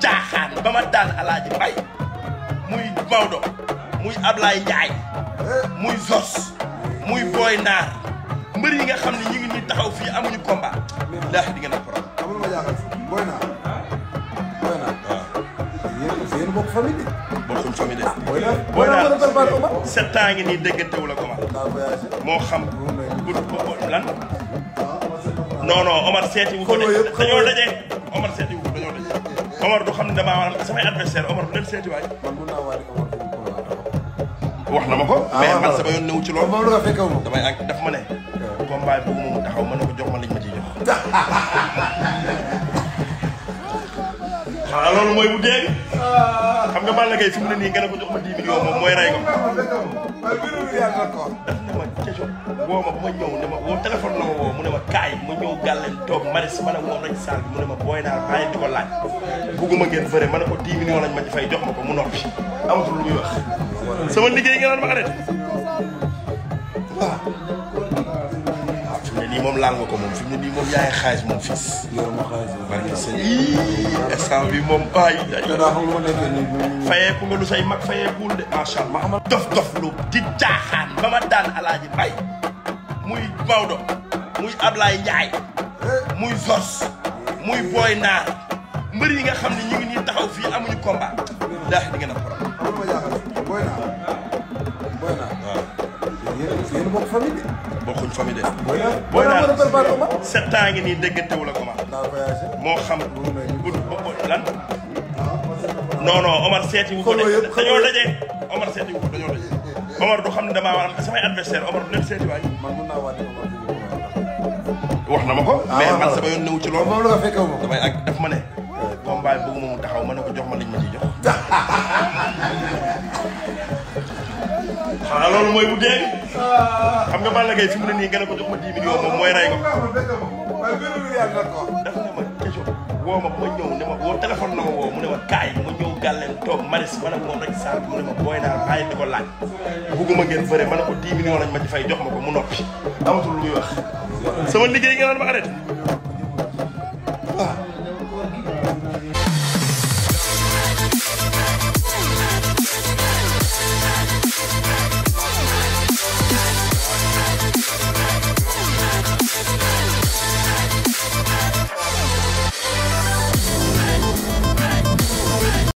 caaxaan ba ma daan alaaji mbay muy Maodo muy Ablaye Ndiaye muy Zos muy Boy Naar mbër yi nga xam ne ñu ngi nii taxaw fii amuñu combat. laax di nga nekk problème. xam nga ma jaaxal Boy Naar. Boy Naar waaw. yéen yéen de. ah Boy la combat. moo xam ah, de dañoo Omar du xam ne damaa war a samay adversaire Omar bu leen seeti waay. man mun naa waale Omar fi mu wax na ma ko. mais man sama yoon newu ci loolu. moom la nga fekk wu ma. damay ak daf ma ne. combat bi bëgguma mu taxaw ma ne ko jox ma liñ ma ciy jox. xanaa loolu mooy bu dee xam nga Balla Gaye si mu ne nii nga ne ko jox ma 10 millions moom mooy rey ko. daf ne ma Kécho woo ma ma ñëw ne ma woo téléphone la ma woo mu ne ma kaay ma ñëw gàlleen toog maris ma ne moom saal bi mu ne ma booy naa bàyyi di ko laaj bugguma ngeen bëre ma ne ko 10 millions lañ ma ci jox ma ko mu noppi amatul lu muy wax sama liggéey nga naan ma arrêté moom laal nga ko moom fi mu ne nii moom yaay xaalis moom fils. yow moom ay. fayeeku nga lu say mag fayeekuwul de macha allah. ma dof dof lu di jaaxaan ba ma daan alaaji bay muy Maodo muy Ablaye Ndiaye muy Zos muy Boy mbër yi nga xam ne ñu ngi nii taxaw fii amuñu combat ndax di ngeen a ngeen bokk famille de. bokkuñ famille de. booy naan sept ans ngi nii déggantewu la comment. moo xam. lan. Ah, non non Omar seeti wu ko de dañoo daje. Omar seeti wu ko dañoo daje. Omar du xam ne damaa am samay adversaire Omar du leen seeti waay. man mun naa waate wax na ma ko. Ah, mais man sama yoon newu ci loolu. moom la ko fekkee moom. damay ak daf ma ne. combat bëgguma mu taxaw ma ne ko jox ma liñ ma ci jox. xanaa mooy bu xam nga Balla Gaye si mu ne nii nga ne ko jox ma 10 millions moom mooy ray ko. daf ne ma kejo woo ma ma ñëw ne ma woo téléphone na ma woo mu ne ma kaay ma ñëw gàlleen toog maris ma ne moom rek sant mu ne ma booy naa bàyyi di ko laaj. bugguma ngeen bëre ma ne ko 10 millions añ ma ci fay jox ma ko mu noppi. amatul lu muy wax. sama liggéey nga naan ma arrêté.